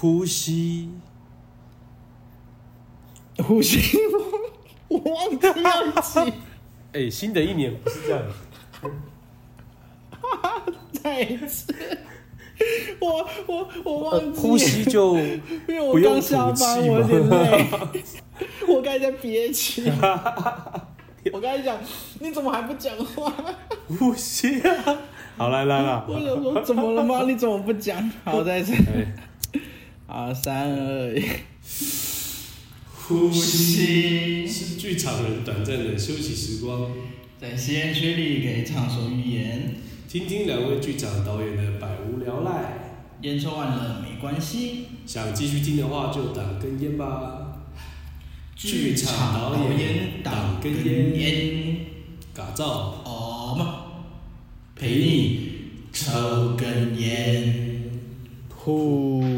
呼吸，呼吸，我我忘記，哎、 欸，新的一年不是這樣的。 再一次，我我我忘記、呃、呼吸就因為我剛下班，我有點累，我剛才憋氣， 我剛才講你怎麼還不講話？呼吸啊，好來來了，我想說怎麼了嗎？你怎麼不講？好，再一次。欸好三二三二一，呼吸是劇場人短暫的休息時光，在吸菸區裡給暢所欲言，嗯，聽聽兩位劇場導演的百無聊賴。菸抽完了沒關係，想繼續聽的話就擋根菸吧。劇場導演擋根菸，嘎造、歐摩，陪你抽根菸，呼噶。你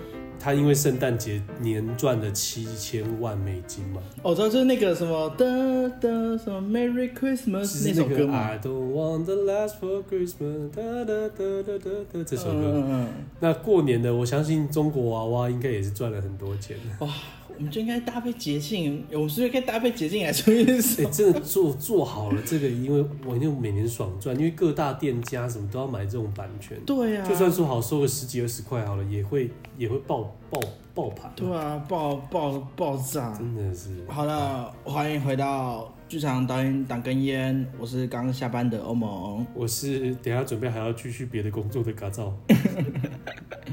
他因為聖誕節年賺了七千萬美金嘛？哦，知道就是那個什麼的的 什麼 Merry Christmas 是、那個、那首歌 I don't want the last for Christmas 這首歌。Uh, uh, uh, uh. 那過年的，我相信中國娃娃應該也是賺了很多錢。哇， 我們就應該搭配節慶，我們是不是可以搭配節慶來出一首、 欸。真的做做好了這個，因為我就每年爽賺，因為各大店家什麼都要買這種版權。對呀、啊，就算說好收個十幾二十塊好了，也會也會爆。爆爆盤、啊，對啊，爆爆爆炸，真的是。好了，啊、歡迎回到劇場導演檔根菸，我是剛下班的歐摩，我是等下準備還要繼續別的工作的嘎造。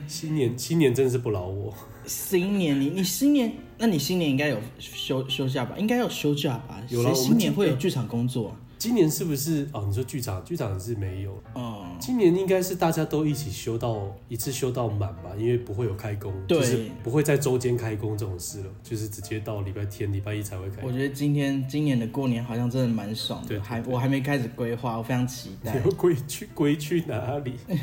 新年新年真的是不勞我。新年你你新年，那你新年應該有休休假吧？應該要休假吧？誰啦新年會有劇場工作？今年是不是哦？你說劇場，劇場是沒有。哦，oh. 今年應該是大家都一起休到一次休到滿吧，因為不會有開工，對就是不會在周間開工這種事了，就是直接到禮拜天、禮拜一才會開工。我覺得今天今年的過年好像真的蠻爽的，對對對對還我還沒開始規劃，我非常期待。你要歸去歸去哪裡？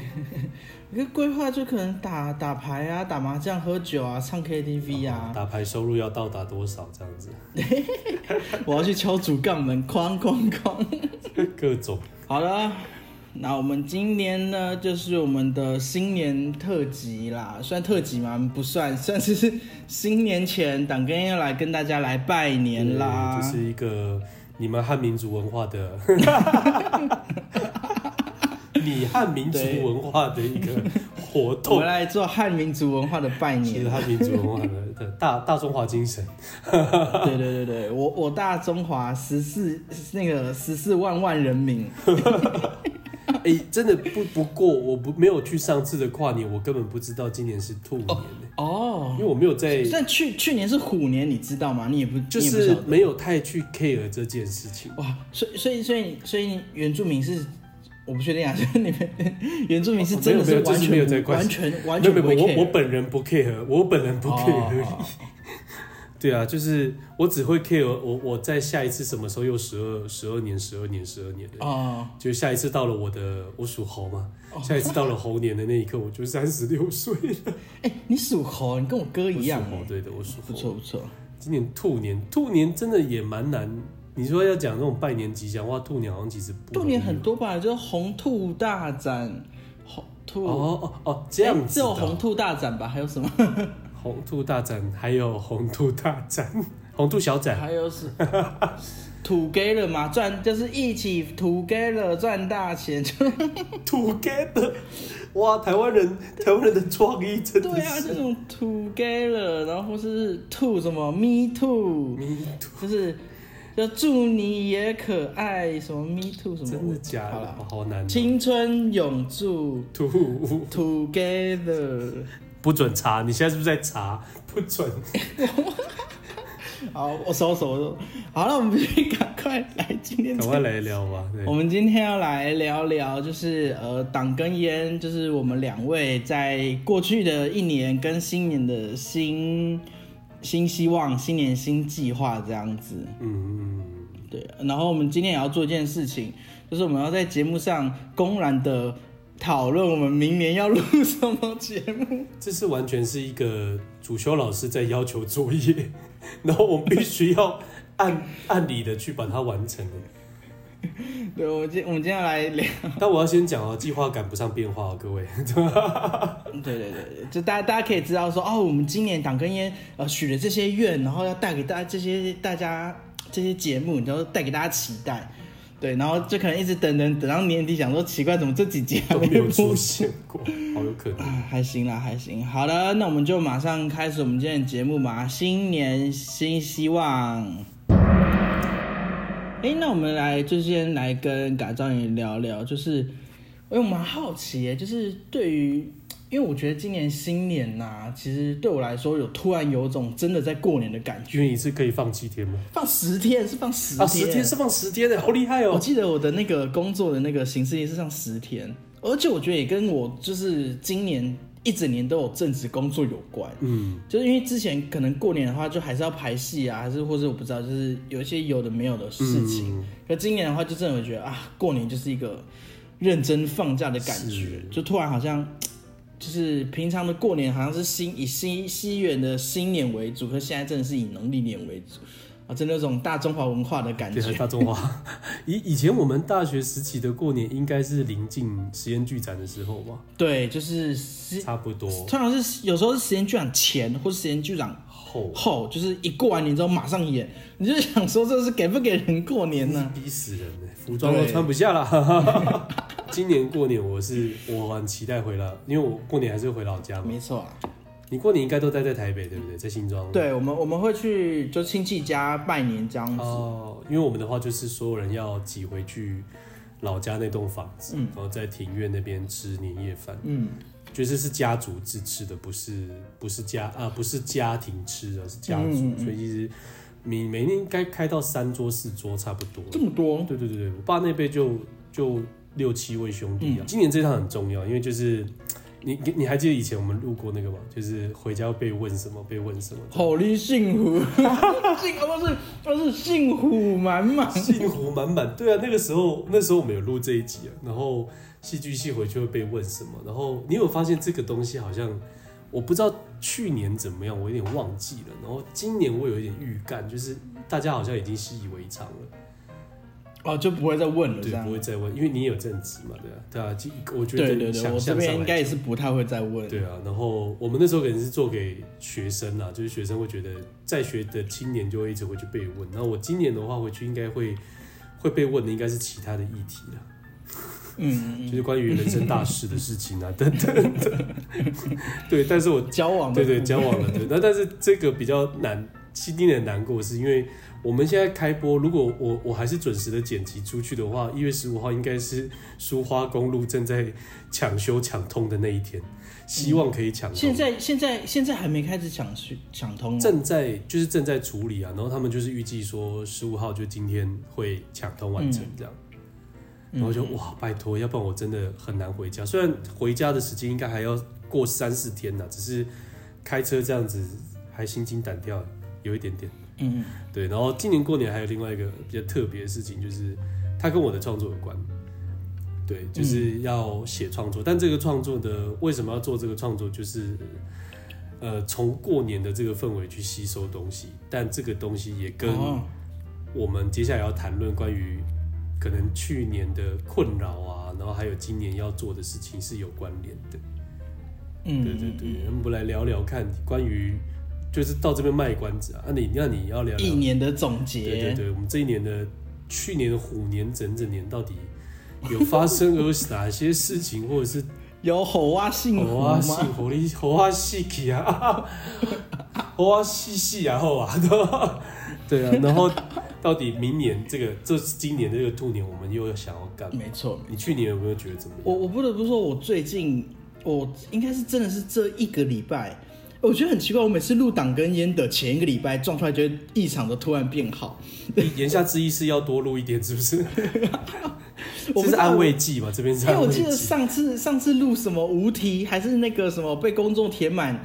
一個規劃就可能打打牌啊，打麻將、喝酒啊，唱 KTV 啊。打牌收入要到達多少這樣子？ 我要去敲竹槓門，哐哐哐。各種。好了，那我們今年呢，就是我們的新年特輯啦，算特輯嗎？不算，算是是新年前，檔根菸要來跟大家來拜年啦。這、就是一個你們漢民族文化的。 你漢民族文化的一個活動，回來做漢民族文化的拜年，其實漢民族文化的大大中華精神。對對對對，我我大中華十四那個十四萬萬人民，哎，真的不不過，我不沒有去上次的跨年，我根本不知道今年是兔年，哦，因為我沒有在，但去去年是虎年，你知道嗎？你也不就是沒有太去 care 這件事情，哇！所以所以所以所以原住民是。我不確定啊，就是你們原住民是真的是完全、哦、沒有，沒有、就是、沒有在完全完全，完全沒有，沒有我。我本人不 care，我本人不 care。Oh. 對啊，就是我只會 care 我我在下一次什麼時候又十二十二年十二年十二年的，oh. 就下一次到了我的我屬猴嘛。Oh. 下一次到了猴年的那一刻，我就三十六歲了。哎，欸，你屬猴，你跟我哥一樣猴。對的，我屬猴。不錯不錯，今年兔年，兔年真的也蠻難你說要講這種拜年吉祥話，兔年好像其實兔年很多吧，就是紅兔大展，紅兔哦哦哦，oh, oh, oh, 這樣子、欸、只有紅兔大展吧？還有什麼？ 紅兔大展，還有紅兔大展，紅兔小展，還有什麼？哈哈哈哈哈 together 嗎？賺就是一起 together 賺大錢，哈哈哈哈哈 together 哇，台灣人台灣人的創意真的是對啊，這種 together，然後是兔什麼 me 兔 me 兔就是。就祝你也可愛，什麼 me too 什麼，真的假的？好，啦好難啊。青春永駐 to，together，不准查！你現在是不是在查？不准。 好，我搜搜了。好了，那我們就天趕快來今天。趕快來聊吧。對，我們今天要來聊聊，就是呃，擋根菸，就是我們兩位在過去的一年跟新年的新。新希望，新年新計劃這樣子，嗯，嗯，嗯，嗯對。然後我們今天也要做一件事情，就是我們要在節目上公然的討論我們明年要錄什麼節目。這是完全是一個主修老師在要求作業，然後我們必須要按 按理的去把它完成。對，我們今我們今天要來聊。但我要先講哦、啊，計劃趕不上變化哦、啊，各位。對，對對對，就大家大家可以知道說，哦，我們今年檔根菸呃許了這些願，然後要帶給大家這些大家這些節目，然後帶給大家期待。對，然後就可能一直等等等到年底，想說奇怪，怎麼這幾集還沒，現沒有出現過？好有可能。還行啦，還行。好了，那我們就馬上開始我們今天的節目吧，新年新希望。哎、欸，那我們來就先來跟嘎造聊聊，就是因、欸、我蠻好奇、欸，哎，就是對於，因為我覺得今年新年吶、啊，其實對我來說有突然有種真的在過年的感覺。因為你是可以放幾天嗎？放十天，是放十天啊，十天是放十天的，好厲害哦、喔！我記得我的那個工作的那個形式也是上十天， 而且我覺得也跟我就是今年，一整年都有正職工作有關，嗯，就是因為之前可能過年的話就還是要排戲啊，還是或者我不知道，就是有一些有的沒有的事情。嗯，可今年的話，就真的我覺得啊，過年就是一個認真放假的感覺，是就突然好像就是平常的過年好像是新以新西元的新年為主，可是現在真的是以農曆年為主。啊，真的有種大中華文化的感覺。對，是大中華，以以前我們大學時期的過年，應該是臨近實驗劇展的時候吧？對，就是差不多。通常是有時候是實驗劇展前，或是實驗劇展後，後就是一過完年之後馬上演。你就想說，這是給不給人過年呢？啊？逼死人，欸，的服裝都穿不下了。對 今年過年我是我很期待回來，因為我過年還是回老家嘛。沒錯。啊。啊你過年應該都待在台北，對不對？在新莊。對，我們我們會去就親戚家拜年這樣子。哦、呃，因為我們的話就是所有人要擠回去老家那棟房子，嗯、然後在庭院那邊吃年夜飯。嗯，其實是、是家族自吃的，不是不是家啊，不是家庭吃的、啊，是家族。嗯嗯嗯，所以其實你每年應該開到三桌四桌差不多。這麼多？對對對對，我爸那輩就就六七位兄弟啊。嗯、今年這一趟很重要，因為就是。你你你還記得以前我們錄過那個嗎？就是回家被問什麼，被問什麼的，好哩幸福， 幸福是那、就是幸福滿滿，幸福滿滿。對啊，那個時候那時候我們有錄這一集啊，然後戲劇系回去會被問什麼，然後你有發現這個東西好像，我不知道去年怎麼樣，我有點忘記了，然後今年我有一點預感，就是大家好像已經習以為常了。哦，就不會再問了，對這樣不會再問，因為你也有正職嘛，對啊，對啊，我覺得，我現在應該也是不太會再問。對啊，然後我們那時候可能是做給學生啦，就是學生會覺得在學的青年就會一直會去被問。那我今年的話回去應該會會被問的，應該是其他的議題了。嗯， 就是關於人生大事的事情啊，等等等。對，但是我交往，對對，對交往了，對。那但是這個比較難，今年難過是因為。我們現在開播，如果我我還是準時的剪輯出去的話，一月十五號應該是蘇花公路正在搶修搶通的那一天，希望可以搶通、嗯。現在現在現在還沒開始搶修搶通，正在就是正在處理啊，然後他們就是預計說十五號就今天會搶通完成這樣，嗯、然後我就哇，拜托，要不然我真的很難回家。雖然回家的時間應該還要過三四天呢，只是開車這樣子還心驚膽跳，有一點點。嗯，mm hmm. 對。然後今年過年還有另外一個比較特別的事情，就是它跟我的創作有關。對，就是要寫創作。Mm hmm. 但這個創作的為什麼要做這個創作？就是呃，從過年的這個氛圍去吸收東西。但這個東西也跟我們接下來要談論關於可能去年的困擾啊，然後還有今年要做的事情是有關聯的。嗯、mm，hmm. 對對對，我們來聊聊看關於。就是到這邊賣關子啊！那你那你要聊，聊一年的總結，對對對，我們這一年的、去年的虎年整整年到底有發生有哪些事情， 或者是有猴啊、啊、啊、啊、信猴啊、信猴的猴啊、戲氣啊、猴啊戲戲啊、猴啊都對啊。然後到底明年這個這、就是、今年的這個兔年，我們又要想要幹？沒錯，你去年有沒有覺得怎麼樣？我我不得不說，我最近我應該是真的是這一個禮拜。我覺得很奇怪，我每次錄檔根菸的前一個禮拜撞出來，覺得異常的突然變好。你言下之意是要多錄一點，是不是？我 這是安慰劑嘛？這邊是因為我記得上次上次錄什麼無題，還是那個什麼被公眾填滿，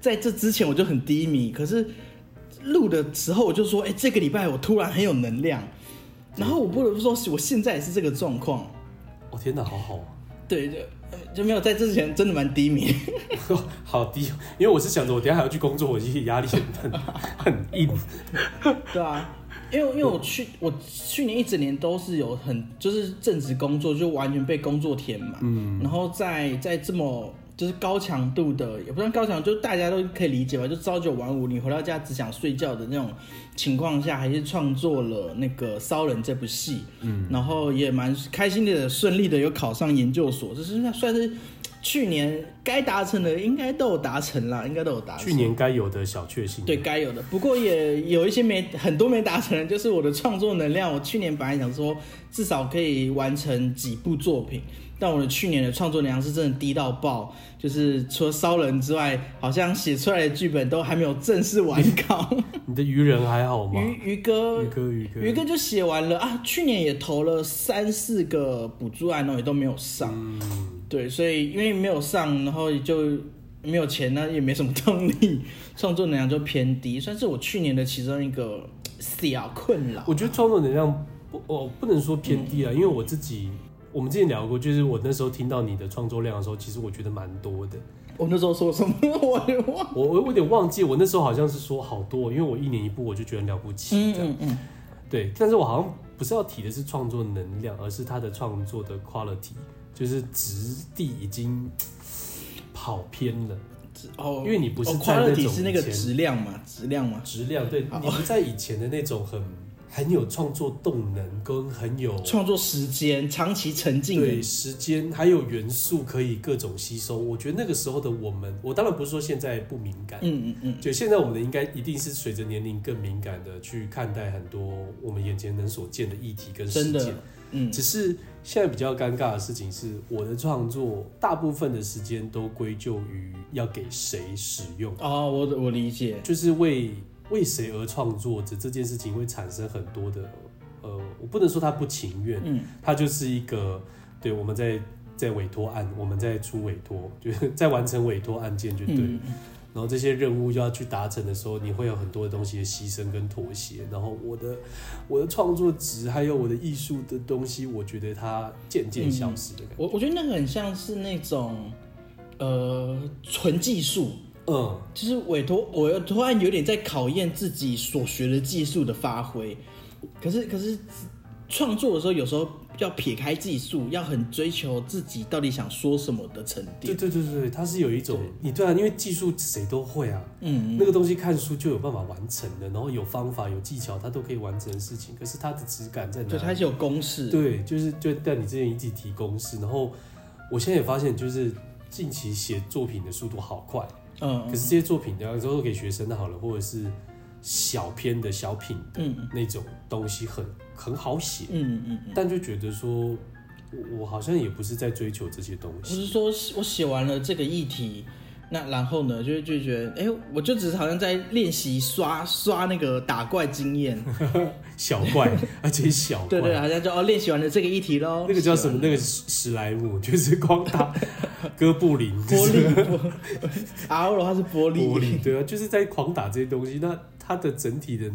在這之前我就很低迷。可是錄的時候我就說，哎、欸，這個禮拜我突然很有能量。然後我不得不說，我現在也是這個狀況。哦，天哪，好好、啊。對對就沒有在之前真的蠻低迷， 好低、喔，因為我是想着我等一下還要去工作，我其實壓力很大，很硬， 很硬 對啊，因為因為我去我去年一整年都是有很就是正職工作就完全被工作填滿，嗯，然後在在這麼。是高強度的，也不算高強度，就大家都可以理解吧。就朝九晚五，你回到家只想睡覺的那種情況下，還是創作了那個《騷人》這部戲，嗯，然後也蠻開心的，順利的有考上研究所，這、就是算是去年該達成的應該都有達成，應該都有達成了，應該都有達成。去年該有的小確幸，對，該有的。不過也有一些沒，很多沒達成的，就是我的創作能量，我去年本來想說至少可以完成幾部作品。但我的去年的創作能量是真的低到爆，就是除了燒人之外，好像寫出來的劇本都還沒有正式完稿。 你的魚人還好嗎？魚魚哥，魚哥，魚哥，魚哥，魚哥就寫完了啊。去年也投了三四個補助案，那也都沒有上。嗯、對，所以因為沒有上，然後就沒有錢呢、啊，也沒什麼動力，創作能量就偏低，算是我去年的其中一個小困擾。我覺得創作能量不，我、哦、不能說偏低啊，嗯、因為我自己。我們之前聊過，就是我那時候聽到你的創作量的時候，其實我覺得蠻多的。我那時候說什麼？我也忘我我有點忘記。我那時候好像是說好多，因為我一年一部，我就覺得了不起這樣嗯。嗯嗯。對，但是我好像不是要提的是創作能量，而是他的創作的 quality，就是質地已經跑偏了。哦，因為你不是在那種以前、哦哦、quality 是那個質量嘛？質量嘛？質量對。好你不在以前的那種很。很有創作動能，跟很有創作時間，長期沉浸對時間，還有元素可以各種吸收。我覺得那個時候的我們，我當然不是說現在不敏感，嗯嗯嗯，就現在我們的應該一定是隨着年齡更敏感的去看待很多我們眼前能所見的議題跟事件，嗯，只是現在比較尷尬的事情是，我的創作大部分的時間都歸咎於要給誰使用啊，我我理解，就是為。為誰而創作者？者這件事情會產生很多的，呃，我不能說他不情願，嗯，他就是一個對我們在在委托案，我們在出委托，就是在完成委托案件就對，嗯，然後這些任務要去達成的時候，你會有很多的東西的犧牲跟妥協，然後我的我的創作值還有我的藝術的東西，我覺得它漸漸消失的感覺。嗯，我我覺得那個很像是那種呃純技術。嗯，就是委託，我又突然有點在考驗自己所學的技術的發揮。可是，可是創作的時候，有時候要撇開技術，要很追求自己到底想說什麼的程度。對對對對，它是有一種，對你對啊，因為技術誰都會啊，嗯，嗯，那個東西看書就有辦法完成的，然後有方法有技巧，它都可以完成的事情。可是它的質感在哪裡？對，它是有公式，對，就是就在你之前一直提公式。然後我現在也發現，就是近期寫作品的速度好快。嗯，可是這些作品，然後之後給學生，那好了，或者是小篇的小品的那種東西很，很、嗯嗯、很好寫，嗯嗯，但就覺得說，我我好像也不是在追求這些東西。我是說，我寫完了這個議題。那然後呢？就就覺得，哎、欸，我就只是好像在練習刷刷那個打怪經驗，小怪，而且小怪， 對，對對，好像就哦，練習完了這個議題嘍。那個叫什麼？那個史萊姆，就是光打哥布林，玻璃，啊，它是玻璃，玻璃，對啊，就是在狂打這些東西。那。他的整體的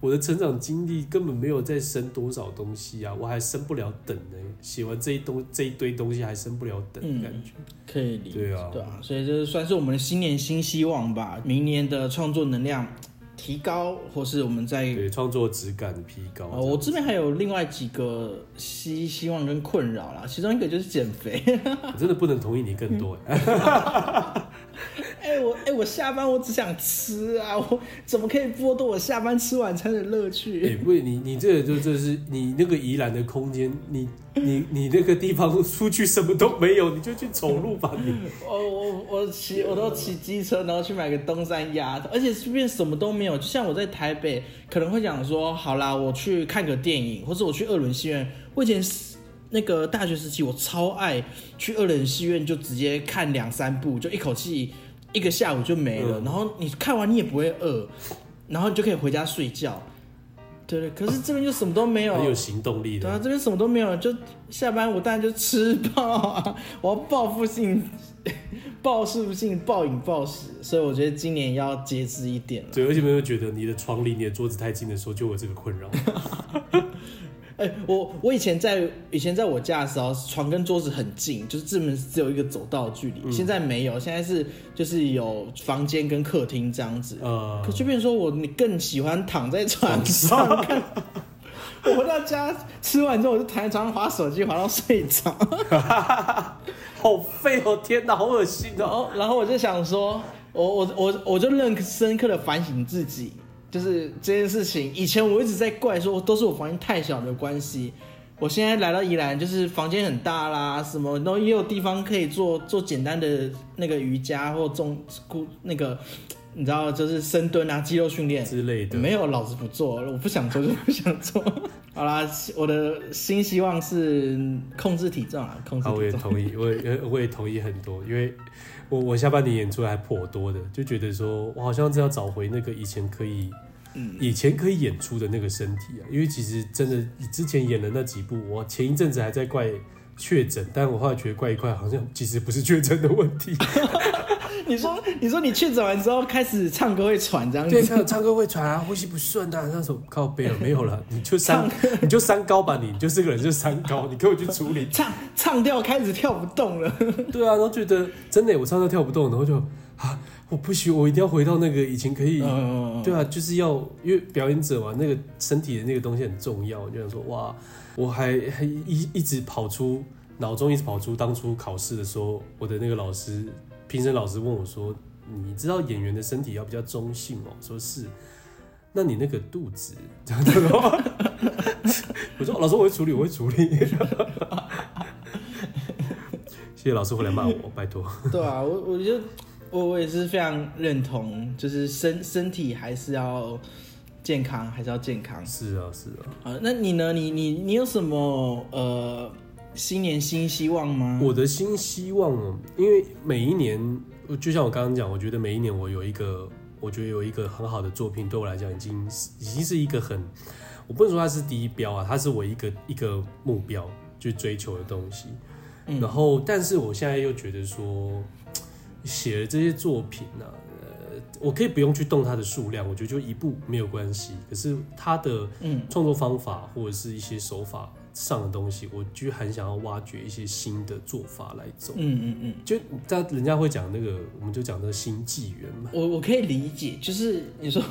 我的成長經歷根本沒有再升多少東西啊，我還升不了等呢、欸。寫完這一東這一堆東西還升不了等，感覺、嗯、可以理解。對啊，對啊，所以就是算是我們的新年新希望吧。明年的創作能量提高，或是我們在創作質感的提高、呃。我這邊還有另外幾個希希望跟困擾啦。其中一個就是減肥。 我真的不能同意你更多哎。嗯 哎、欸，我哎、欸，我下班我只想吃啊，我怎麼可以剝奪我下班吃晚餐的樂趣？哎、欸，不，你你這個就就是 你那個宜蘭的空間，你你你那個地方出去什麼都沒有， 你就去走路吧，你。我我我騎我都騎機車，然後去買個東山鴨頭，而且這邊什麼都沒有。就像我在台北，可能會講說，好啦，我去看個電影，或者我去二輪戲院，我以前。那個大學時期，我超愛去二輪戲院，就直接看兩三部，就一口氣一個下午就沒了。嗯、然後你看完你也不會餓，然後你就可以回家睡覺。對對，可是這邊就什麼都沒有。嗯、很有行動力的。對啊，這邊什麼都沒有，就下班我當然就吃飽、啊，我要報復性、報復性、暴飲暴食。所以我覺得今年要節制一點了。對，為什麼會覺得你的床離你的桌子太近的時候就有這個困擾。 哎、欸，我我以前在以前在我家的時候，床跟桌子很近，就是進門是只有一個走道距離。嗯、現在沒有，現在是就是有房間跟客廳這樣子。嗯、可就變成說我，你更喜歡躺在床上？我回到家吃完之後，我就躺在床上滑手機，滑到睡着。 好廢哦！天哪，好噁心、啊、 哦然後，然後我就想說，我我我我就認深刻的反省自己。就是這件事情，以前我一直在怪說都是我房間太小的關係。我現在來到宜蘭，就是房間很大啦，什麼，都有地方可以做做簡單的那個瑜伽，或中那個，你知道，就是深蹲啊，肌肉訓練之類的。沒有，老子不做，我不想做就不想做。 好啦，我的新希望是控制體重啊，控制體重。我也同意，我也我也同意很多，因為。我我下半年演出還頗多的，就覺得說我好像只要找回那個以前可以，以前可以演出的那個身體啊。因為其實真的之前演的那幾部，我前一陣子還在怪確診，但我後來覺得怪一怪，好像其實不是確診的問題。 你說，你說你確診完之後開始唱歌會喘，這樣子？對，唱唱歌會喘啊，呼吸不順、啊。那那時候靠背了、啊，沒有了，你就三，唱你就三高吧你，你就這個人就三高，啊、你給我去處理。唱唱跳開始跳不動了。對啊，然後覺得真的，我唱跳跳不動，然後就啊，我不行，我一定要回到那個以前可以。嗯、對啊，就是要因為表演者嘛，那個身體的那個東西很重要。就想說，哇，我還還一一直跑出腦中，一直跑出,直跑出當初考試的時候，我的那個老師。評審老師問我說：“你知道演員的身體要比較中性哦？”我說：“是。”那你那個肚子， 我說：“老師，我會處理，我會處理。 ”謝謝老師回來罵我， 拜託託。對啊，我我覺得我我也是非常認同，就是身身體還是要健康，還是要健康。是啊，是啊。啊，那你呢？你你你有什麼呃？新年新希望嗎？我的新希望，因為每一年，就像我剛剛講，我覺得每一年我有一個，我覺得有一個很好的作品，對我來講已經已經是一個很，我不能說它是第一標啊，它是我一個一個目標去追求的東西。嗯、然後，但是我現在又覺得說，寫了這些作品呢，呃，我可以不用去動它的數量，我覺得就一部沒有關係。可是它的創作方法或者是一些手法，嗯上的東西，我就很想要挖掘一些新的做法來走。嗯嗯嗯，嗯嗯就但人家會講那個，我們就講這個新紀元嘛。我我可以理解，就是你說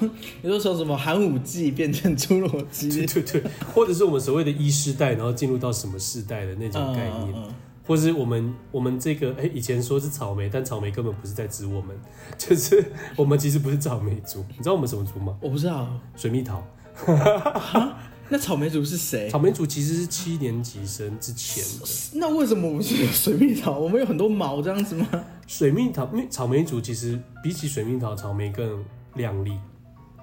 你說從什麼寒武紀變成侏羅紀，對對對，或者是我們所謂的一世代，然後進入到什麼時代的那種概念，嗯嗯、或是我們我們這個哎、欸，以前說是草莓，但草莓根本不是在指我們，就是我們其實不是草莓族，你知道我們什麼族嗎？我不知道，水蜜桃。 那草莓族是誰？草莓族其實是七年級生之前的。那為什麼我們是水蜜桃？我們有很多毛這樣子嗎？水蜜桃，草莓族其實比起水蜜桃，草莓更亮麗。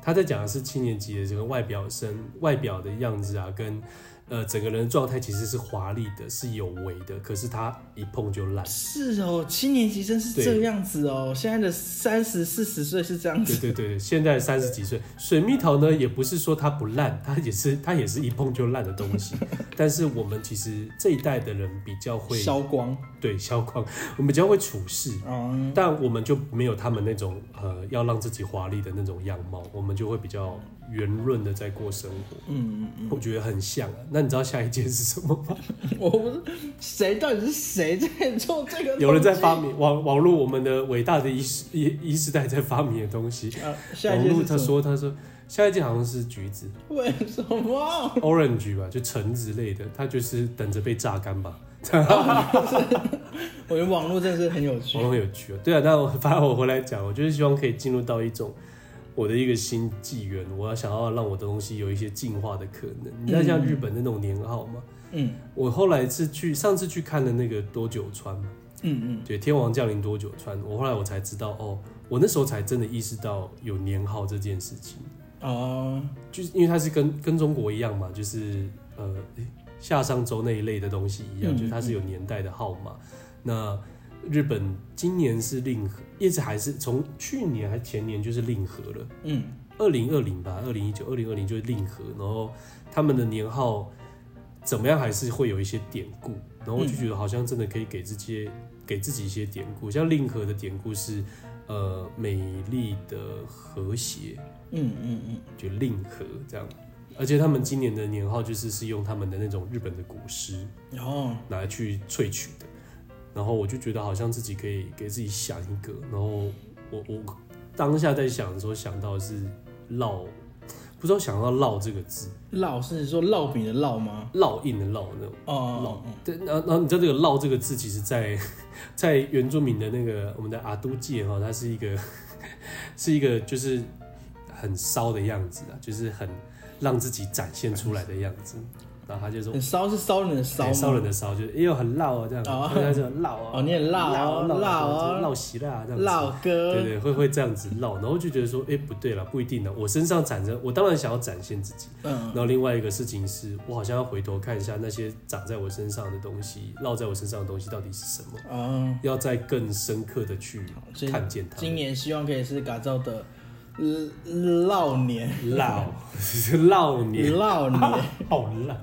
他在講的是七年級的這個外表生，外表的樣子啊，跟。呃，整個人狀態其實是華麗的，是有為的，可是他一碰就爛。是哦、喔，七年級生是這個樣子哦、喔，對現在的三十、四十歲是這樣子。對對對，現在三十幾歲，對 水蜜桃呢，也不是說它不爛，它也是，它也是一碰就爛的東西。對 但是我們其實這一代的人比較會消光，對消光，我們比較會處事。嗯，但我們就沒有他們那種呃，要讓自己華麗的那種樣貌，我們就會比較。圓潤的在過生活，嗯嗯嗯，我覺得很像啊。那你知道下一件是什麼嗎？我不是誰，到底是誰在做這個東西？有人在發明網網絡，我們的偉大的一時一時代在發明的東西啊。網絡他說他說下一件好像是橘子，為什麼？Orange 吧，就橙子類的，他就是等着被榨乾吧。哈哈哈哈我覺得網絡真的是很有趣，網絡很有趣啊。對啊，那我反正我回來講，我就是希望可以進入到一種。我的一個新紀元，我要想要讓我的東西有一些進化的可能。你看、嗯，像日本那種年號嘛，嗯，我後來是去上次去看了那個多久穿嘛，嗯嗯，對，天王降臨多久穿，我後來我才知道，哦，我那時候才真的意識到有年號這件事情哦，就是因為它是跟跟中國一樣嘛，就是呃夏商周那一類的東西一樣，嗯嗯，就是它是有年代的號碼。那日本今年是令和，一直還是從去年還前年就是令和了，嗯，二零二零吧，二零一九、二零二零就是令和。然後他們的年號怎麼樣還是會有一些典故，然後我就覺得好像真的可以給自己些、嗯、給自己一些典故，像令和的典故是呃美麗的和諧，嗯嗯嗯，嗯嗯就令和這樣。而且他們今年的年號就是是用他們的那種日本的古詩，然後來去萃取的。哦然後我就覺得好像自己可以給自己想一個，然後我我當下在想的時候，想到是烙，不知道想到烙這個字，烙是說烙餅的烙嗎？烙印的烙那種。哦。對，然後然後你知道這個烙這個字，其實，在在原住民的那個我們的阿都界哈、喔，它是一個是一個就是很騷的樣子啊，就是很讓自己展現出來的樣子。然後他就說很騷，是騷人的騷，騷、欸、人的騷，就是哎呦很烙啊，這樣子，看者是烙啊。哦，oh, 你很烙，烙烙烙烙習啦，這樣子。烙歌哥。對，對對，會會這樣子烙，然後就覺得說，哎、欸，不對了，不一定的。我身上展着，我當然想要展現自己。嗯。然後另外一個事情是，我好像要回頭看一下那些長在我身上的東西，烙在我身上的東西到底是什麼。嗯，要再更深刻的去看見它。今年希望可以是改造的。老年老老年老年，年年啊、好爛，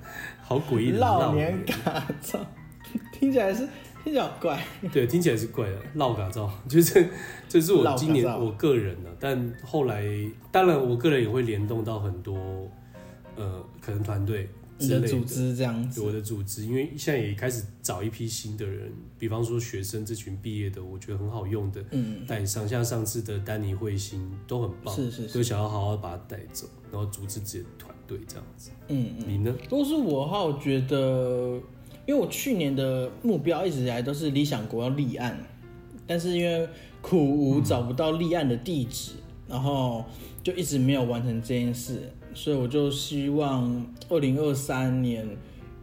好詭異。老年嘎造年，聽起來是聽起來怪。對，聽起來是怪的，老嘎造就是，這、就是我今年我個人的、啊，但後來當然我個人也會聯動到很多，呃，可能團隊。的，你的組織這樣子，我的組織，因為現在也開始找一批新的人，比方說學生這群畢業的，我覺得很好用的，嗯，但上像上次的丹尼彗星，都很棒，是是是，都想要好好把它帶走，然後組織自己的團隊這樣子，嗯嗯，你呢？都是我好我覺得，因為我去年的目標一直以來都是理想國要立案，但是因為苦無找不到立案的地址，嗯、然後就一直沒有完成這件事。所以我就希望二零二三年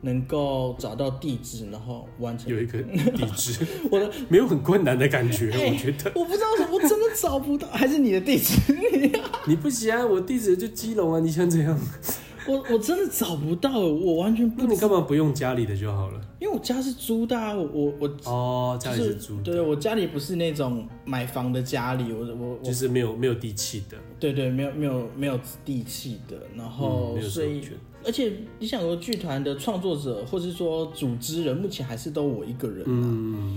能夠找到地址，然後完成有一個地址， 我的 沒有很困難的感覺，欸、我覺得我不知道，我真的找不到， 還是你的地址？你。 你不行啊，我地址就基隆啊，你想怎樣？我我真的找不到，我完全不。那你幹嘛不用家裡的就好了？因為我家是租的啊，我我哦，oh, 就是，家裡是租的。對，我家裡不是那種買房的家裡，我我就是沒有沒有地契的。對，對對，沒有沒有沒有地契的，然後、嗯、所以而且你想說劇團的創作者或是說組織人，目前還是都我一個人啦。嗯，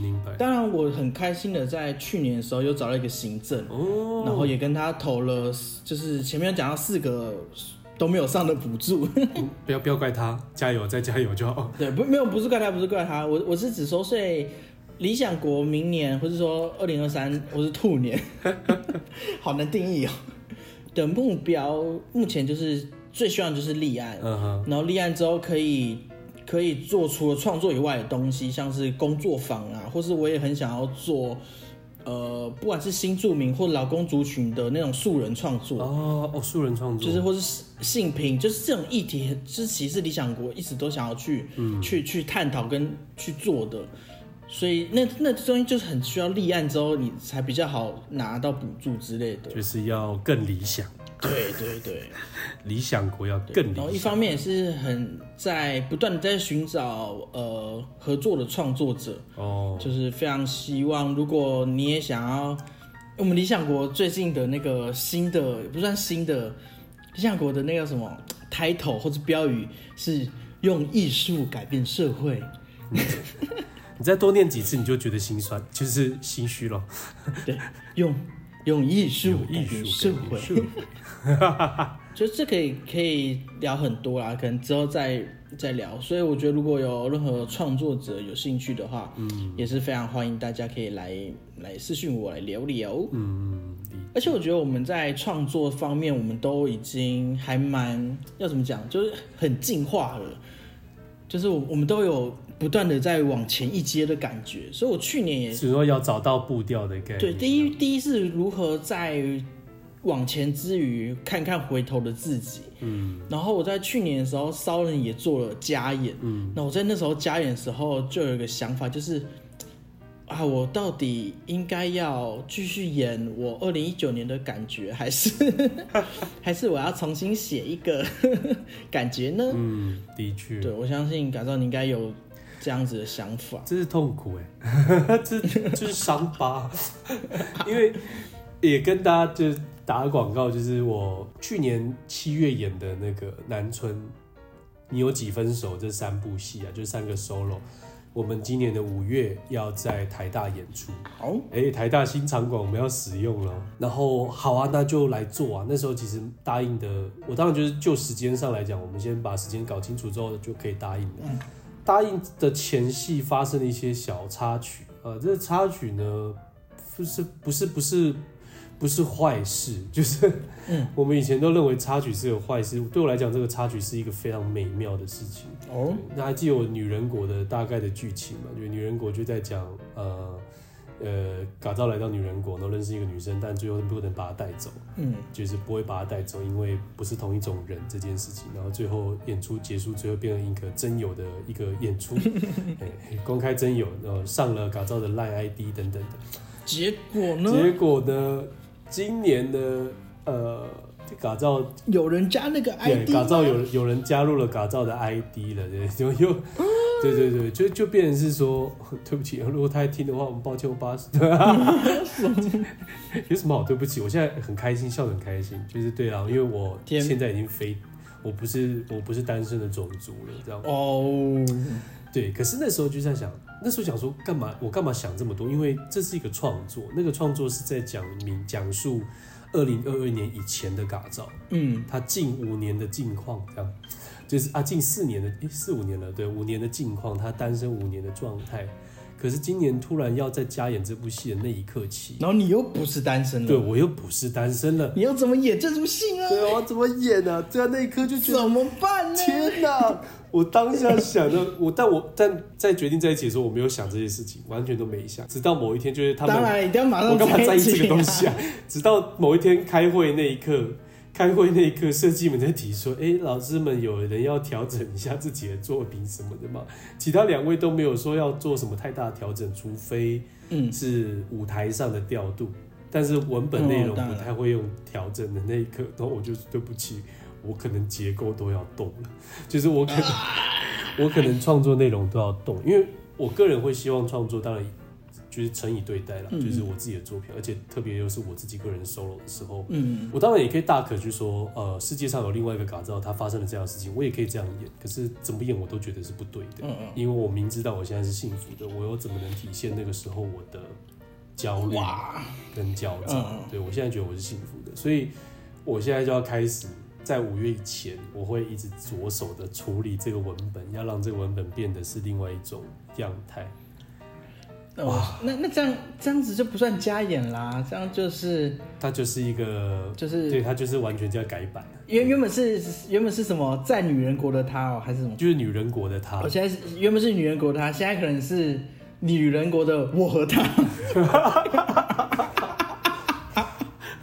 明白。當然，我很開心的在去年的時候又找到了一個行政，oh. 然後也跟他投了，就是前面講到四個。都沒有上的補助、嗯，不要不要怪他，加油再加油就好。對，不沒有不是怪他，不是怪他，我我是只說，所以理想國明年或是說二零二三我是兔年， 好難定義哦、喔。的目標目前就是最希望就是立案，嗯、哼然後立案之後可以可以做除了創作以外的東西，像是工作坊啊，或是我也很想要做。呃，不管是新住民或勞工族群的那種素人創作哦，哦，素人創作就是或是性平，就是這種議題，就是其實是理想國一直都想要去，嗯、去去探討跟去做的，所以那那東西就是很需要立案之後，你才比較好拿到補助之類的，就是要更理想。對對對，理想國要更理想。然後一方面也是很在不斷的在尋找呃合作的創作者哦，就是非常希望如果你也想要我們理想國最近的那個新的，不算新的理想國的那個什麼 title 或者標語，是用藝術改變社會，你再多念幾次你就覺得心酸，就是心虛了。對，用。用藝術藝術生活，就這可以可以聊很多啦，可能之後再再聊。所以我覺得如果有任何創作者有興趣的話，嗯，也是非常歡迎大家可以來來私訊我來聊聊。嗯，而且我覺得我們在創作方面，我們都已經還蠻要怎麼講，就是很進化了，就是我我們都有。不斷的在往前一階的感覺，所以我去年也主要要找到步調的感覺。對，第一，第一是如何在往前之餘，看看回頭的自己。嗯，然後我在去年的時候，騷人也做了加演。嗯，那我在那時候加演的時候，就有一個想法，就是啊，我到底應該要繼續演我二零一九年的感覺，還是 還是我要重新寫一個 感覺呢？嗯，的確，對，我相信嘎造，你應該有。這樣子的想法，這是痛苦哎、欸， 這就是傷疤。因為也跟大家就是打廣告，就是我去年七月演的那個南村，你有幾分熟？這三部戲啊，就三個 solo，我們今年的五月要在台大演出。哦，哎，台大新場館我們要使用了。然後好啊，那就來做啊。那時候其實答應的，我當然就是就時間上來講，我們先把時間搞清楚之後就可以答應了。答應的前戲發生了一些小插曲，呃，這個插曲呢，就是不是不是不是壞事，就是，我們以前都認為插曲是有壞事，對我來講，這個插曲是一個非常美妙的事情。哦，那還記得我女人國的大概的劇情嗎？就女人國就在講，呃。呃，嘎造來到女人國，然後認識一個女生，但最後不能把她帶走，嗯，就是不會把她帶走，因為不是同一種人這件事情。然後最後演出結束最後，變成一個徵友的一個演出、 欸，公開徵友，然後上了嘎造的 Line ID 等等的。結果呢？結果呢？今年呢？呃，嘎造有人加那個 ID，嘎造有人 有人加入了嘎造的 ID 了，對就又。 對對對，就就變成是說，對不起、啊，如果他要聽的話，我們抱歉我，我八十對吧、啊？ 有什麼好對不起？我現在很開心，笑得很開心，就是對啊，因為我現在已經非，天我不是我不是單身的種族了，這樣哦。對，可是那時候就是在想，那時候想說干嘛？我幹嘛想這麼多？因為這是一個創作，那個創作是在講明講述二零二二年以前的嘎造，嗯，他近五年的近況這樣。就是啊，近四年的四五年了，對五年的近況，他單身五年的狀態，可是今年突然要再加演這部戲的那一刻起，然後你又不是單身了，對我又不是單身了，你要怎麼演這部戲啊？對我要怎麼演呢、啊？在那一刻就怎麼辦呢？天哪！我當下想到我，但我但在決定在一起的時候，我沒有想這些事情，完全都沒想。直到某一天，就是他們，當然一定要馬上在一起啊，我幹嘛在意這個東西啊！直到某一天開會那一刻。開會那一刻，設計們在提說、欸：“老師們有人要調整一下自己的作品什麼的嗎？”其他兩位都沒有說要做什麼太大調整，除非是舞台上的調度。嗯、但是文本內容不太會用調整的那一刻，哦、然後我就對不起，我可能結構都要動了，就是我可能我可能創作內容都要動，因為我個人會希望創作當然。就是誠意對待啦，就是我自己的作品，嗯、而且特別又是我自己個人 solo 的時候，嗯，我當然也可以大可去說，呃，世界上有另外一個嘎造，它發生了這樣的事情，我也可以這樣演，可是怎麼演我都覺得是不對的，嗯嗯，因為我明知道我現在是幸福的，我又怎麼能體現那個時候我的焦慮跟焦躁？嗯、對我現在覺得我是幸福的，所以我現在就要開始在五月以前，我會一直着手的處理這個文本，要讓這個文本變得是另外一種樣態。哦，哇那那這樣這樣子就不算加演啦，這樣就是它，就是一個就是對，它就是完全就要改版。原原本是原本是什麼，在女人國的他哦，還是什麼？就是女人國的他。我、哦、現在原本是女人國的他，現在可能是女人國的我和他。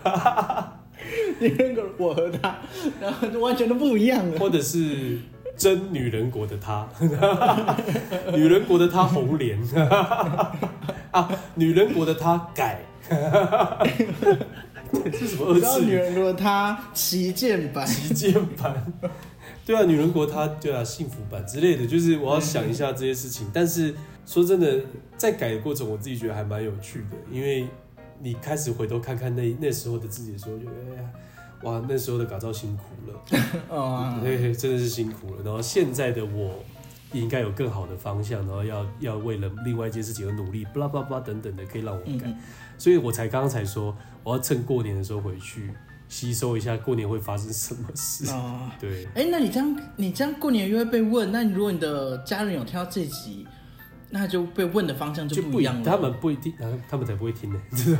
女人國我和他，然後完全都不一樣了，或者是。真女人國的她、 啊，女人國的她紅蓮女人國的她改，這是什麼？知道女人國她旗艦版， 旗艦版，對啊，女人國她對啊，幸福版之類的，就是我要想一下這些事情。但是說真的，在改的過程，我自己覺得還蠻有趣的，因為你開始回頭看看那那時候的自己的時候，候就哎呀。哇，那時候的嘎造辛苦了， oh, 嗯、嘿嘿真的是辛苦了。然後現在的我，應該有更好的方向，然後要要為了另外一件事情而努力，巴拉巴拉等等的，可以讓我改。嗯、哼所以我才剛剛才說，我要趁過年的時候回去吸收一下，過年會發生什麼事。啊，oh. 對。哎、欸，那你這樣，你這樣過年又會被問。那你如果你的家人有聽到這集，那就被問的方向就不一樣了。他們不一定，他們才不會聽呢、欸。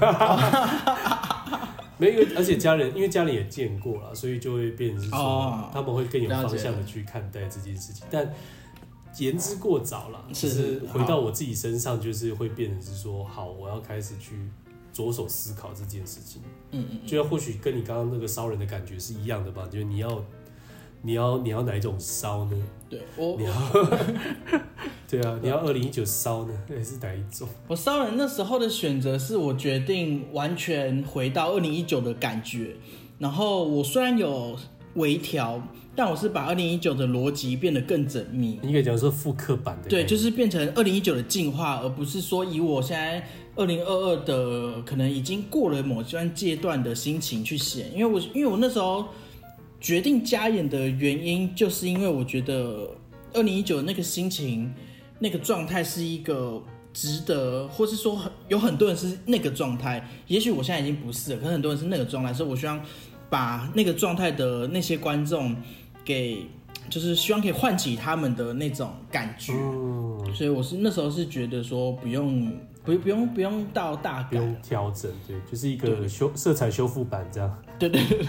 沒有，而且家人因為家人也見過了，所以就會變成是說，他們會更有方向的去看待這件事情。哦、但言之過早了，就是、嗯、回到我自己身上，就是會變成是說，好，好，我要開始去着手思考這件事情。嗯嗯，嗯嗯就要或許跟你剛剛那個燒人的感覺是一樣的吧？就你要，你要，你要哪一種燒呢？對，你要。 對啊，你要二零一九燒呢，還、欸、是哪一種？我燒人那時候的選擇是我決定完全回到二零一九的感覺，然後我雖然有微調，但我是把二零一九的邏輯變得更縝密。你可以講說復刻版的。對，就是變成二零一九的進化，而不是說以我現在二零二二的可能已經過了某段階段的心情去寫。因為我，因為我那時候決定加演的原因，就是因為我覺得二零一九那個心情。那個狀態是一個值得，或是說很有很多人是那個狀態。也許我現在已經不是了，可是很多人是那個狀態，所以我希望把那個狀態的那些觀眾給，就是希望可以喚起他們的那種感覺。所以我是那時候是覺得說不用，不不用不用到大，不用調整，對，就是一個修色彩修復版這樣，對對對，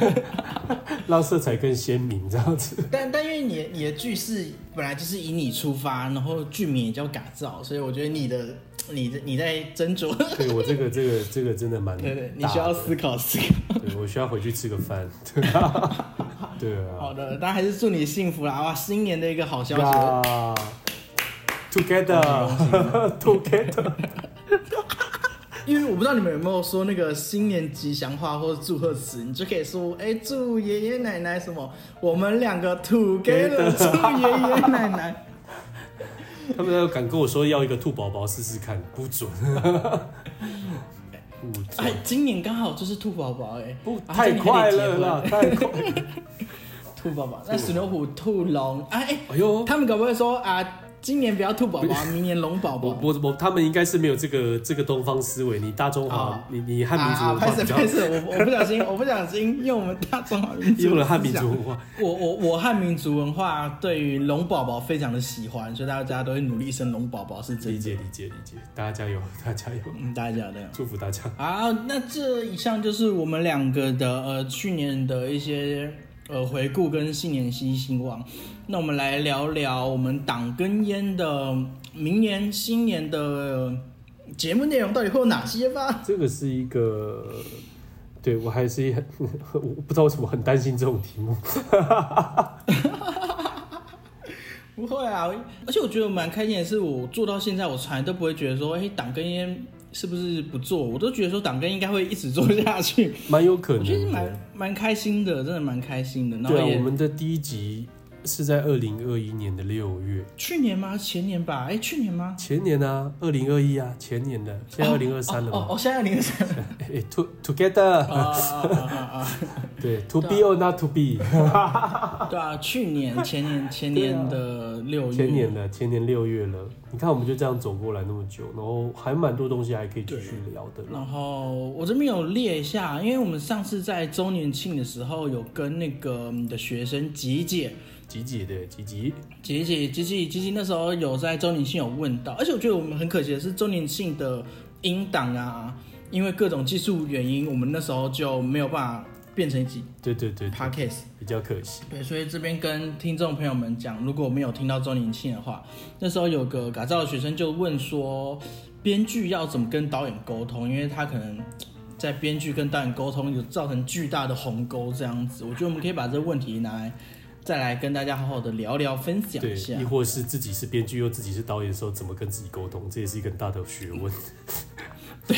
讓色彩更鮮明這樣子。 但但因為你你的劇是本來就是以你出發，然後劇名也叫嘎造，所以我覺得你的你的你在斟酌。對我這個這個這個真的蠻對，對對，你需要思考思考。對，我需要回去吃個飯， 對啊好。好的，當然還是祝你幸福啦！哇，新年的一個好消息，Together，Together 啊。 因為我不知道你們有沒有說那個新年吉祥話或者祝賀詞，你就可以說，哎、欸，祝爺爺奶奶什麼，我們兩個兔給的，祝爺爺奶奶。 他們都敢跟我說要一個兔寶寶試試看，不准。 不准，哎，今年剛好就是兔寶寶，哎，太快樂了，太快樂。兔寶寶，那鼠、牛、虎、兔、龍，哎哎，哎呦，他們可不可以說啊？今年不要兔寶寶，明年龍寶寶。我我他們應該是沒有這個這個東方思維。你大中華，哦、你你漢民族，不好意思，不好意思，我我不小心，我不小心，用 我，我們大中華民族用了漢民族文化。我我我漢民族文化對於龍寶寶非常的喜歡，所以大家都會努力生龍寶寶是真，是理解理解理解，大家加油，大家加油，嗯、大家加油，祝福大家。好、啊，那這以上就是我們兩個的呃去年的一些，呃，回顧跟新年的新希望，那我們來聊聊我們檔根菸的明年新年的節目內容到底會有哪些吧？這個是一個，對我還是很，我不知道為什麼很擔心這種題目，哈哈哈哈哈，不會啊，而且我覺得我蠻開心的是，我做到現在，我從來都不會覺得說，哎、欸，檔根菸。是不是不做？我都覺得說檔根應該會一直做下去，蠻有可能。我覺得蠻蠻開心的，真的蠻開心的。對啊，我們的第一集。是在二零二一年的六月，去年嗎、啊啊？前年吧？哎，去年嗎？前年啊，二零二一啊，前年的，現在二零二三了。哦哦，現在二零二三。To together。啊啊啊！對，to be or not to be。對啊，去年、前年、前年的六月。前年的前年六月了，你看我們就這樣走過來那麼久，然後還蠻多東西還可以繼續聊的。然後我這邊有列一下，因為我們上次在周年慶的時候有跟那個的學生集結。姐姐的姐姐，姐姐姐姐姐姐那時候有在周年慶有問到，而且我覺得我們很可惜的是周年慶的音檔啊，因為各種技術原因，我們那時候就沒有辦法變成幾對對對 podcast 比較可惜。對，所以這邊跟聽眾朋友們講，如果沒有聽到周年慶的話，那時候有個嘎造學生就問說，編劇要怎麼跟導演溝通？因為他可能在編劇跟導演溝通有造成巨大的鴻溝這樣子。我覺得我們可以把這個問題拿來。再來跟大家好好的聊聊分享一下，亦或是自己是編劇又自己是導演的時候，怎麼跟自己溝通，這也是一個很大的學問。 對，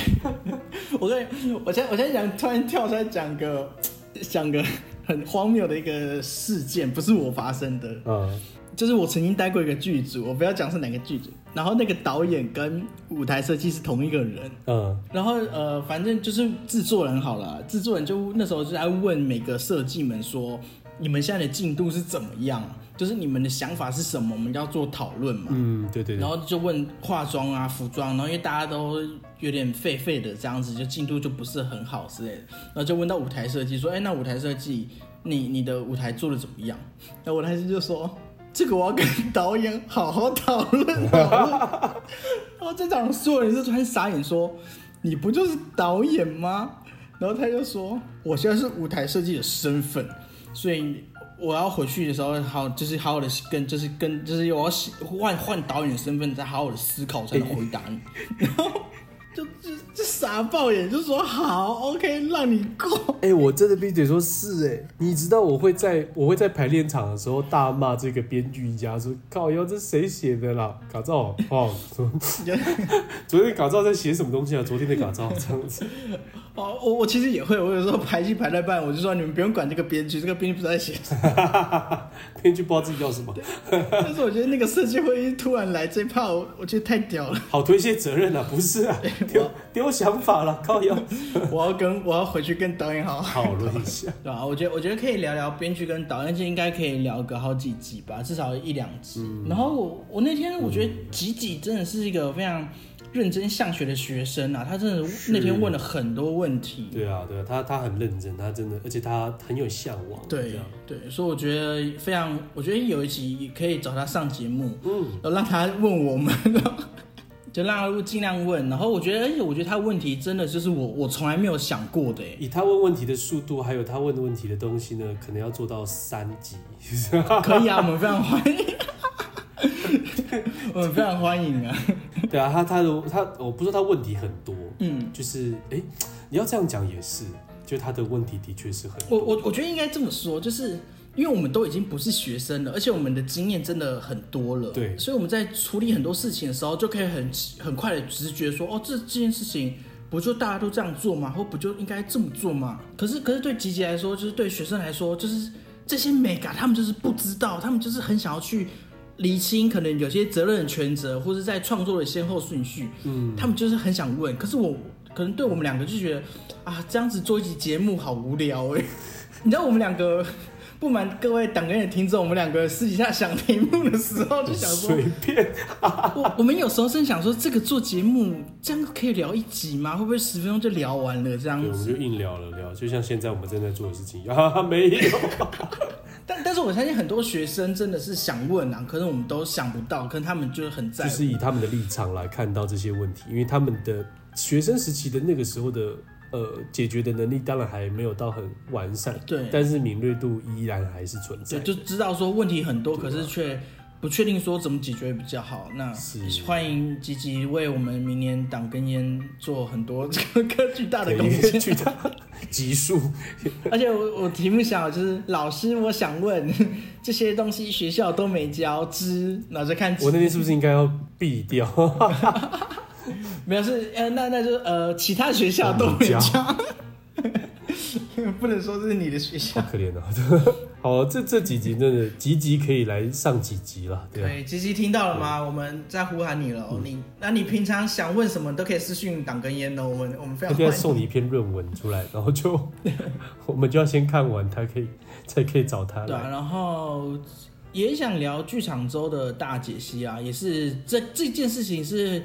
我跟我現在我現在想突然跳出來講個講個很荒謬的一個事件，不是我發生的，嗯，就是我曾經待過一個劇組，我不要講是哪個劇組，然後那個導演跟舞台設計是同一個人，嗯，然後呃，反正就是制作人好了，制作人就那時候就在問每個設計們說。你們現在的進度是怎麼樣？就是你們的想法是什麼？我們要做討論嘛？嗯，對對對。然後就問化妝啊、服裝，然後因為大家都有點廢廢的這樣子，就進度就不是很好之類的。然後就問到舞台設計，說：“哎、欸，那舞台設計，你你的舞台做的怎麼樣？”然後舞台設計就說：“這個我要跟導演好好討論。哇討論。”然後這場所有人就突然傻眼，說：“你不就是導演嗎？”然後他就說：“我現在是舞台設計的身份。”所以我要回去的時候，好，就是好好的跟，就是跟，就是我要換換導演的身份，再好好的思考，才能回答你。 然後傻爆眼就說好，OK，讓你過。哎、欸，我真的必須說，是哎、欸，你知道我會在我會在排練場的時候大罵這個編劇一家說，說靠腰，這誰寫的啦？嘎造哦， 昨天嘎造在寫什麼東西啊？昨天的嘎造這樣子。哦， 我我其實也會，我有時候排戲排到一半，我就說你們不用管這個編劇，這個編劇不知道在寫什麼，編劇 不知道自己叫什麼。 但是我覺得那個設計會議突然來，這一炮我，我覺得太屌了，好推卸責任啊，不是啊，丟丟小。想法了，靠腰。 我要跟我要回去跟導演好好討論一下， 對吧、啊？我覺得我覺得可以聊聊編劇跟導演，這應該可以聊個好幾集吧，至少一兩集。嗯、然後我我那天我覺得吉吉真的是一個非常認真向學的學生啊，他真的那天問了很多問題。對啊，對啊，他他很認真，他真的，而且他很有嚮往。對樣對，所以我覺得非常，我覺得有一集可以找他上節目，嗯，讓他問我們。 就讓他盡量問，然後我覺得，而、欸、且我覺得他問題真的就是我我從來沒有想過的。以他問問題的速度，還有他問的問題的東西呢，可能要做到三級。 可以啊，我們非常歡迎。 我們非常歡迎啊。對啊，他他如他，他，我不是說他問題很多，嗯，就是哎、欸，你要這樣講也是，就他的問題的確是很多我。我我我覺得應該這麼說，就是。因為我們都已經不是學生了，而且我們的經驗真的很多了，對，所以我們在處理很多事情的時候，就可以很很快的直覺說，哦，這這件事情不就大家都這樣做嗎？或不就應該這麼做嗎？可是，可是對吉吉來說，就是對學生來說，就是這些美感，他們就是不知道，他們就是很想要去釐清，可能有些責任的權責，或是在創作的先後順序，嗯，他們就是很想問。可是我可能對我們兩個就覺得，啊，這樣子做一集節目好無聊哎、欸， 你知道我們兩個。不瞞各位檔根菸的聽眾，我們兩個私底下想題目的時候就想說隨便，我我們有時候是想說這個做節目這樣可以聊一集嗎？會不會十分鐘就聊完了這樣子？我們就硬聊了聊，就像現在我們正在做的事情啊，沒有。 但但是我相信很多學生真的是想問啊，可是我們都想不到，可能他們就是很在意，就是以他們的立場來看到這些問題，因為他們的學生時期的那個時候的。呃，解決的能力當然還沒有到很完善，對，但是敏銳度依然還是存在，就就知道說問題很多，吧可是卻不確定說怎麼解決比較好。那是是歡迎積極為我們明年檔根菸，做很多這個科巨大的貢獻，巨量級數。 而且我我題目想就是，老師，我想問這些東西學校都沒教，知拿着看。我那邊是不是應該要避掉？ 沒有是呃，那那就呃，其他學校，都勉強，啊、家 不能說這是你的學校。好可憐哦、喔、 好，這這幾集真的吉吉可以來上幾集了，對吧？啊？對吉吉聽到了嗎？對我們在呼喊你了，喔，嗯、你那你平常想問什麼都可以私訊檔根菸的，我們我們非常。他現在送你一篇論文出來，然後就 我們就要先看完，他可以才可以找他。對、啊、然後也想聊劇場周的大解析啊，也是這這件事情是。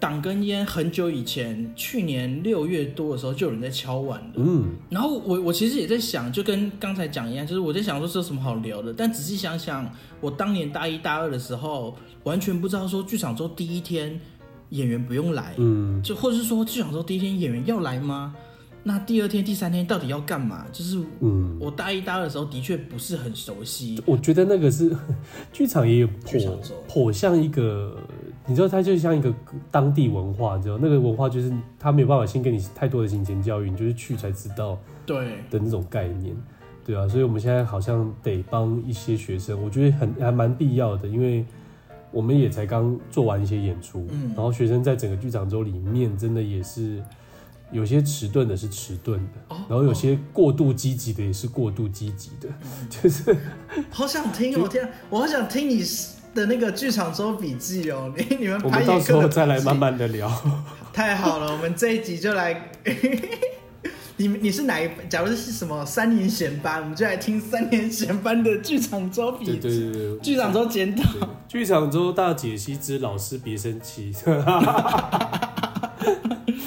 檔根菸很久以前，去年六月多的時候就有人在敲碗了。嗯，然後我我其實也在想，就跟剛才講一樣，就是我在想說這有什麼好聊的？但仔細想想，我當年大一大二的時候，完全不知道說劇場週第一天演員不用來，嗯，就或者是說劇場週第一天演員要來嗎？那第二天、第三天到底要幹嘛？就是嗯，我大一大二的時候的確不是很熟悉。嗯、我覺得那個是劇場也有頗頗像一個。你知道，它就像一個當地文化，你知道那個文化就是他沒有辦法先給你太多的行前教育，你就是去才知道對的那種概念，對，對啊，所以我們現在好像得幫一些學生，我覺得很還蠻必要的，因為我們也才剛做完一些演出，嗯，然後學生在整個劇場周裡面，真的也是有些遲鈍的，的，是遲鈍的，然後有些過度積極的，也是過度積極的，嗯、就是好想聽我天，我好想聽你。的那個劇場周筆記哦，你你們拍一個，我們到時候再來慢慢的聊。太好了， 我們這一集就來， 你你是哪一？假如是什麼三年前班，我們就來聽三年前班的劇場周筆記，劇場周檢討，劇場周大解析之老師別生氣。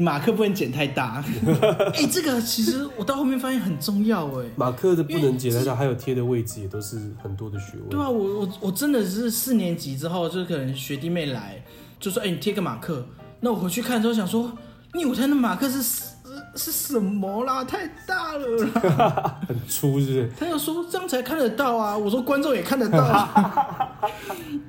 馬克不能剪太大，哎、 欸，這個其實我到後面發現很重要哎。馬克的不能剪太大，還有貼的位置也都是很多的穴位。對啊，我我我真的是四年級之後，就可能學弟妹來就說：“哎、欸，你貼個馬克。”那我回去看之後想說：“你舞台的馬克是是是什麼啦？太大了啦， 很粗是不是？”他就說：“這樣才看得到啊！”我說：“觀眾也看得到啊。”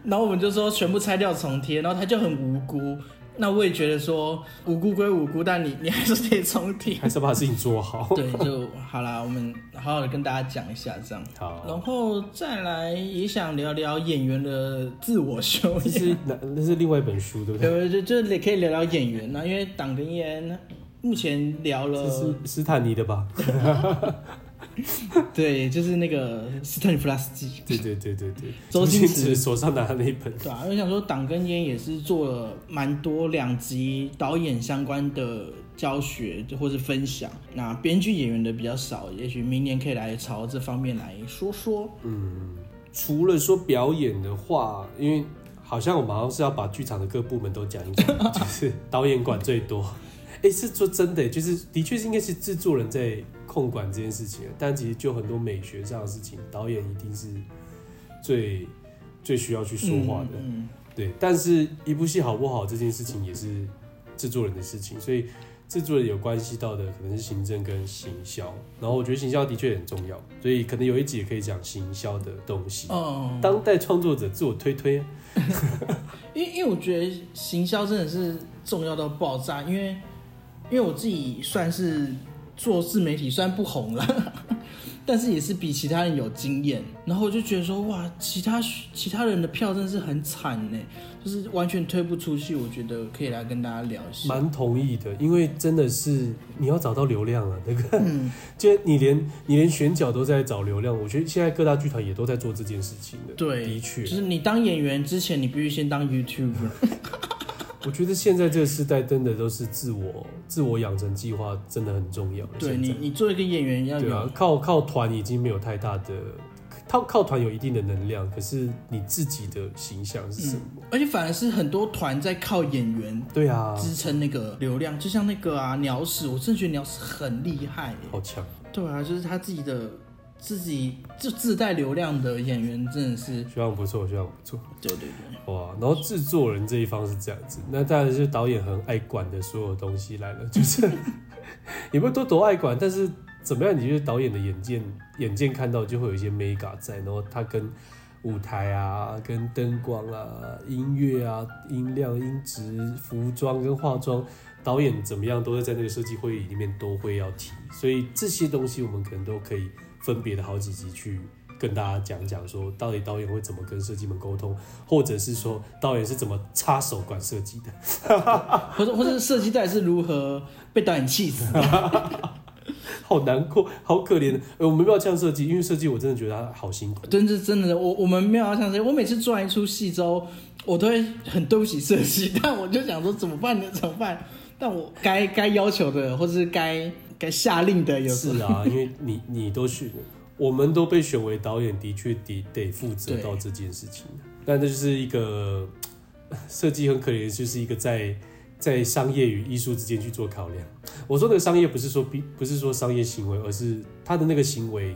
然後我們就說全部拆掉重貼，然後他就很無辜。那我也覺得說無辜歸無辜，但你你還是得從頭，還是把事情做好。 對，就好啦，我們好好的跟大家講一下，這樣。好。然後再來也想聊聊演員的自我修養，那那是，是另外一本書，對不對？對，就就是、可以聊聊演員，因為檔根菸目前聊了是斯坦尼的吧。 對，就是那個史坦尼斯拉夫斯基，對對對對對，周星馳手上拿的那一本。對啊，我想說，檔根菸也是做了蠻多兩集導演相關的教學或是分享。那編劇演員的比較少，也許明年可以來朝這方面來說說。嗯，除了說表演的話，因為好像我們好像是要把劇場的各部門都講一講， 就是導演管最多。哎、欸，是說真的，就是的確是應該是制作人在。控管這件事情，但其實就很多美學上的事情，導演一定是最最需要去說話的，嗯嗯、對。但是一部戲好不好這件事情，也是制作人的事情，所以制作人有關係到的可能是行政跟行銷。然後我覺得行銷的確很重要，所以可能有一集也可以講行銷的東西。嗯，當代創作者自我推推、啊，因 為因為我覺得行銷真的是重要到爆炸，因為因為我自己算是。做自媒體雖然不紅了， 但是也是比其他人有經驗。然後我就覺得說，哇，其他其他人的票真的是很慘呢，就是完全推不出去。我覺得可以來跟大家聊一下，嗯。蠻同意的，因為真的是你要找到流量啊，這個，就你連你連選角都在找流量。我覺得現在各大劇團也都在做這件事情對 的，對，的確，就是你當演員之前，你必須先當 YouTuber。 我覺得現在這個時代真的都是自我自我養成計劃，真的很重要。對在你，你做一個演員一樣。對啊，靠靠團已經沒有太大的，靠靠團有一定的能量，可是你自己的形象是什麼？嗯，而且反而是很多團在靠演員對啊支撐那個流量，啊，就像那個啊鳥屎，我真的覺得鳥屎很厲害，欸，好強。對啊，就是他自己的。自己就自帶流量的演員真的是，宣傳不錯，宣傳不錯，對對對，哇，然後製作人這一方是這樣子，那當然是導演很愛管的所有東西來了，就是 也不是都多愛管，但是怎麼樣？你就是導演的眼見眼見看到就會有一些美感在，然後他跟舞台啊、跟燈光啊、音樂啊、音量、音質、服裝跟化妝，導演怎麼樣都會在那個設計會議裡面都會要提，所以這些東西我們可能都可以。分別的好幾集去跟大家講講，說到底導演會怎麼跟設計們溝通，或者是說導演是怎麼插手管設計的，或者，或者設計到底是如何被導演氣死的， 好難過，好可憐的。呃、欸，我們不要這樣設計，因為設計我真的覺得他好辛苦，真的是真的，我我們不要這樣設計。我每次做完一齣戲之後，我都會很對不起設計，但我就想說怎麼辦呢？怎麼辦？但我該該要求的，或是該。該下令的有是啊，因為你你都是， 我們都被選為導演，的確得得負責到這件事情。對但這就是一個設計很可憐，就是一個在在商業與藝術之間去做考量。我說的商業不是說比，不是說商業行為，而是他的那個行為。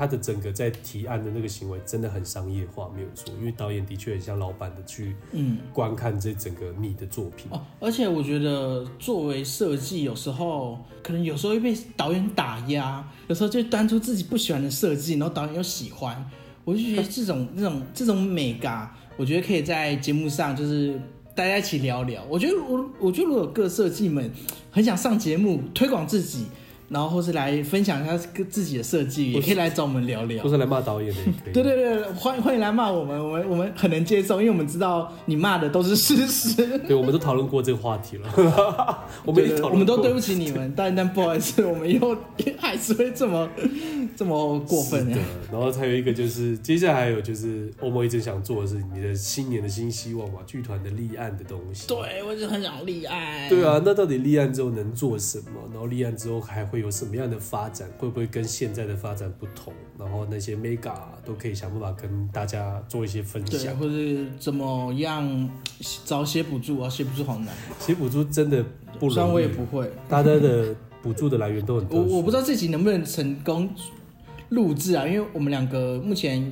他的整個在提案的那個行為真的很商業化，沒有錯。因為導演的確很像老板的去，嗯，觀看這整個密的作品，嗯。哦，而且我覺得作為設計，有時候可能有時候會被導演打壓，有時候就端出自己不喜歡的設計，然後導演又喜歡。我就覺得這種這看種這種美感，我覺得可以在節目上就是大家一起聊聊。我覺得我我覺得如果各設計們很想上節目推廣自己。然後或是來分享一下自己的設計，也可以來找我們聊聊。或，是 或是來罵導演的也可以。對，對對對，歡迎歡迎來罵我們，我們我們很能接受，因為我們知道你罵的都是事實。 對，我們都討論過這個話題了。 我，我們都對不起你們，對但但不好意思，我們以後也還是會這麼這麼過分、啊。的。然後還有一個就是，接下來還有就是，歐摩一直想做的是你的新年的新希望嘛，劇團的立案的東西。對，我一直很想立案。對啊，那到底立案之後能做什麼？然後立案之後還會。有什麼樣的發展，會不會跟現在的發展不同？然後那些 Mega 都可以想辦法跟大家做一些分享，或者怎麼樣找些補助啊，寫補助好難，寫補助真的不容易。雖然我也不會，大家的補助的來源都很多。我我不知道這集能不能成功錄製啊，因為我們兩個目前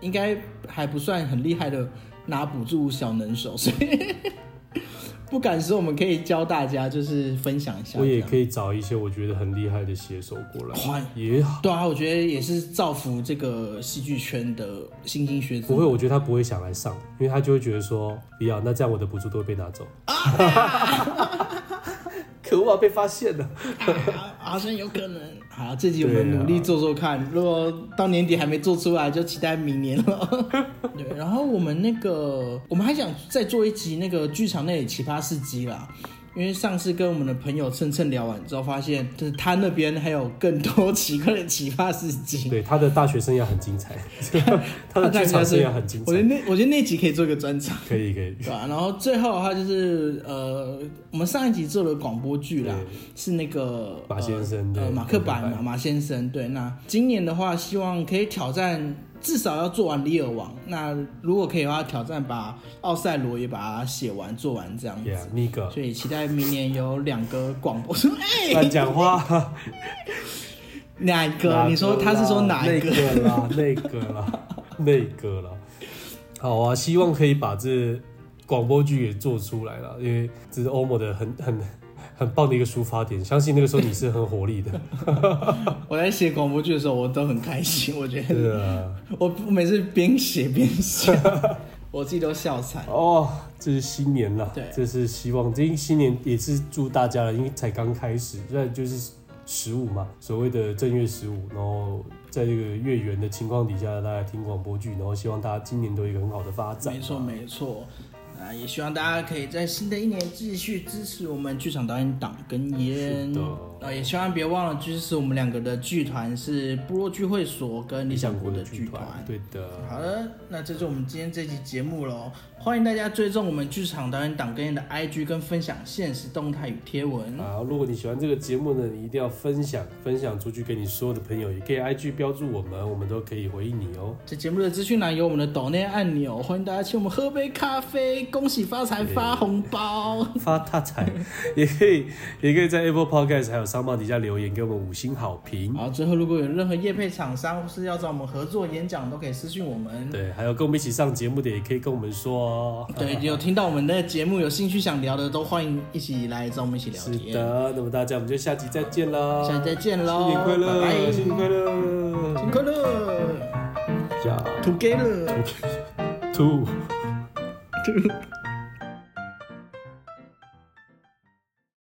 應該還不算很厲害的拿補助小能手。所以不敢說，我們可以教大家，就是分享一下。我也可以找一些我覺得很厲害的寫手過來，也好，對啊，我覺得也是造福這個戲劇圈的新興學子。不會，我覺得他不會想來上，因為他就會覺得說，不要，那這樣我的補助都會被拿走。可惡啊，被發現了。 好像、啊、有可能，好，這集我們努力做做看。如果、啊、到年底還沒做出來，就期待明年了。 對，然後我們那個，我們還想再做一集那個劇場內的奇葩事蹟啦。因為上次跟我們的朋友蹭蹭聊完之後，發現就是他那邊還有更多奇怪的奇葩事情。對，他的大學生涯很精彩，他的大學生涯很精彩。我覺得那我覺得那集可以做一個專場，可以可以。可以對啊，然後最後的話就是呃，我們上一集做的廣播劇啦，對是那個馬先生，對呃，馬克版馬先生。對，那今年的話，希望可以挑戰。至少要做完《李爾王》。那如果可以的話，挑戰把《奧賽羅》也把它寫完、做完這樣子。Yeah, that. 所以期待明年有兩個廣播劇，哎亂講話。 哪一個？哪個，你說他是說哪一個？那個啦，那個啦，那個啦。好啊，希望可以把這廣播劇也做出來了，因為這是歐摩的很很。很棒的一個出發點，相信那個時候你是很活力的。 我在寫廣播劇的時候，我都很開心。我覺得是，啊了，我我每次邊寫邊笑，我自己都笑慘。哦，oh, 這是新年啦，對，這是希望。今新年也是祝大家，因為才剛開始，在就是十五嘛，所謂的正月十五，然後在這個月圓的情況底下，大家聽廣播劇，然後希望大家今年都有一個很好的發展。沒錯。沒錯，沒錯。啊，也希望大家可以在新的一年繼續支持我們劇場導演檔根菸。那、哦、也希望別忘了支持我們兩個的劇團，是部落聚會所跟理想國的劇團。對的。好的，那這是我們今天這期節目嘍。歡迎大家追蹤我們劇場導演檔根菸的 IG，跟分享現實動態與貼文。好，如果你喜歡這個節目呢，你一定要分享，分享出去給你所有的朋友，也可以 IG 標註我們，我們都可以回應你哦、喔。這節目的資訊欄有我們的斗內按鈕，歡迎大家請我們喝杯咖啡，恭喜發財，發紅包，欸、發大財， 也可以，也可以在 Apple Podcast 還有。商報底下留言給我們五星好評。好，最後如果有任何業配廠商或是要找我們合作演講，都可以私訊我們。對，還有跟我們一起上節目的也可以跟我們說。對，啊、有聽到我們的節目有興趣想聊的，都歡迎一起來找我們一起聊天。是的，那麼大家我們就下集再見了，下集再見嘍！新年快樂，新年快樂，新年快樂！叫 Together、Together、兔兔。